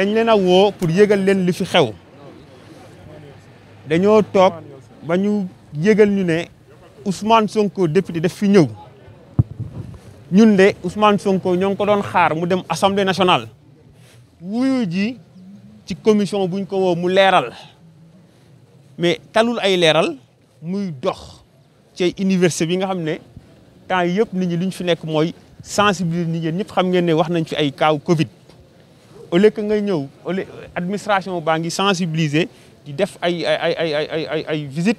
dañ leen a woo pour yëgal leen lu fi xew dañoo toog ba ñu yëgal ñu ne Ousmane Sonko député daf fi ñëw ñun de Ousmane Sonko ñoo ngi ko doon xaar mu dem assemblée nationale. wuyu ji ci commission buñ ko woo mu leeral mais talul ay leeral muy dox ci université bi nga xam ne temps yëpp nit ñu li ñu fi nekk mooy sensibiliser nit ñi ñëpp xam ngeen ne wax nañ fi ay cas Covid. au lieu que ngay ñëw au lieu administration baa ngi sensibiliser di def ay ay ay ay ay ay ay visite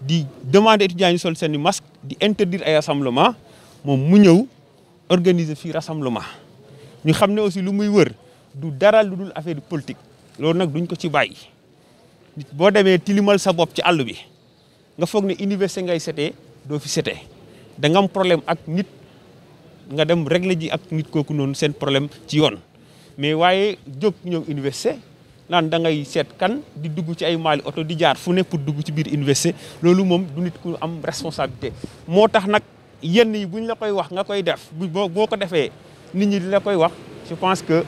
di demande étudiants ñu sol seen i masque di interdire ay rassemblement moom mu ñëw organiser fii rassemblement ñu xam ne aussi lu muy wër du dara lu dul affaire politique loolu nag duñ ko ci bàyyi nit boo demee tilimal sa bopp ci àll bi nga foog ne université ngay setee doo fi setee da nga am problème ak nit nga dem régler ji ak nit kooku noonu seen problème ci yoon mais waaye jóg ñoom université naan da ngay seet kan di dugg ci ay maali oto di jaar fu ne pour dugg ci biir université loolu moom du nit ku am responsabilité moo tax nag yenn yi buñ la koy wax nga koy def boo ko defee nit ñi di la koy wax je pense que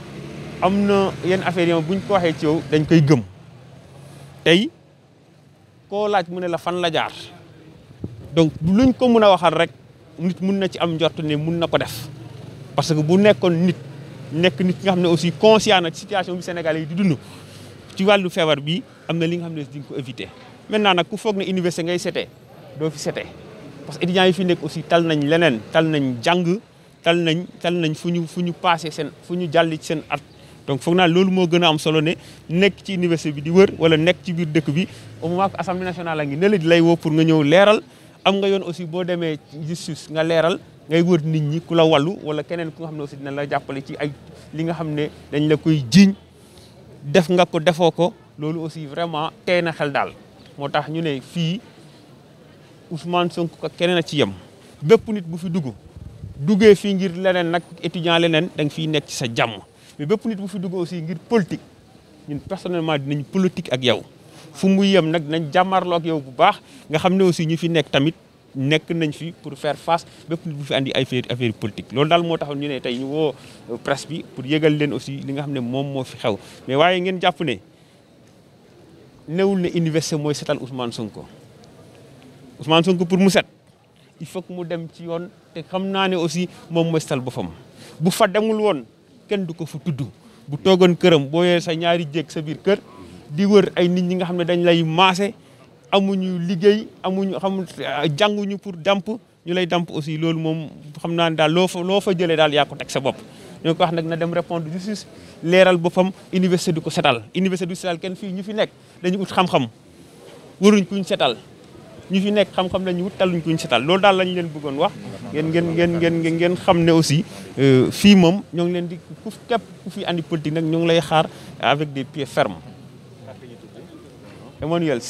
am na yenn affaire buñ ko waxee ci yow dañ koy gëm tey ko laaj mu ne la fan la jaar donc luñ ko mën a waxal rek nit mun na ci am njort ne mun na ko def parce que bu nekkoon nit nekk nit ki nga xam ne aussi conscient na situation bi Sénégalais yi di dund ci wàllu feebar bi am na li nga xam ne di nga ko éviter maintenant nag ku foog ne université ngay setee doo fi setee parce que étudiants yi fi nekk aussi tal nañ leneen tal nañ jàng tal nañ tal nañ fu ñu fu ñu passé seen fu ñu jàll ci seen at donc foog naa loolu moo gën am solo ne nekk ci université bi di wër wala nekk ci biir dëkk bi au moment que assemblée nationale a ngi ne la di lay woo pour nga ñëw leeral am nga yoon aussi boo demee justice nga leeral ngay wër nit ñi ku la wàllu wala keneen ku nga xam ne aussi dina la jàppale ci ay li nga xam ne dañ la koy jiiñ def nga ko defoo ko loolu aussi vraiment tey na xel daal moo tax ñu ne fii Ousmane sonk ko keneen a ci yem bépp nit bu fi dugg duggee fii ngir leneen nag étudiant leneen da nga nekk ci sa jàmm mais bépp nit bu fi dugg aussi ngir politique ñun personnellement dinañ politique ak yow fu mu yem nag dinañ jàmmarloo ak yow bu baax nga xam ne aussi ñu fi nekk tamit nekk nañ fi pour fair face bépp bu fi andi ay affaire affaire politique loolu daal moo taxoon ñu ne tey ñu woo euh, presse bi pour yégal leen aussi li nga xam ne moom moo fi xew mais waaye ngeen jàpp ne newul ne université mooy setal Ousmane Sonko Ousmane Sonko pour mu set il faut mu dem ci yoon xam naa ne aussi moom mooy setal boppam bu fa demul woon kenn du ko fa tudd bu toogoon këram boo yee sa ñaari jéeg sa biir kër di wër ay nit ñi nga xam ne dañ lay maase amuñu liggéey amuñu xam euh, jànguñu pour damp ñu lay damp aussi loolu moom xam naa ne daal loo fa loo fa jëlee daal yaa ko teg sa bopp. ko wax nag na dem répondre justice leeral boppam université du ko setal université du setal kenn fii ñu fi nekk dañu ut xam-xam waruñ kuñ setal ñu fi nekk xam-xam lañu wut taluñ kuñ setal loolu daal lañu leen bëggoon wax. ngeen ngeen ngeen ngeen ngeen xam ne aussi euh, fii moom ñoo ngi leen di ku képp ku fi andi politique nag ñoo ngi lay xaar avec des pieds fermes. Emmanuel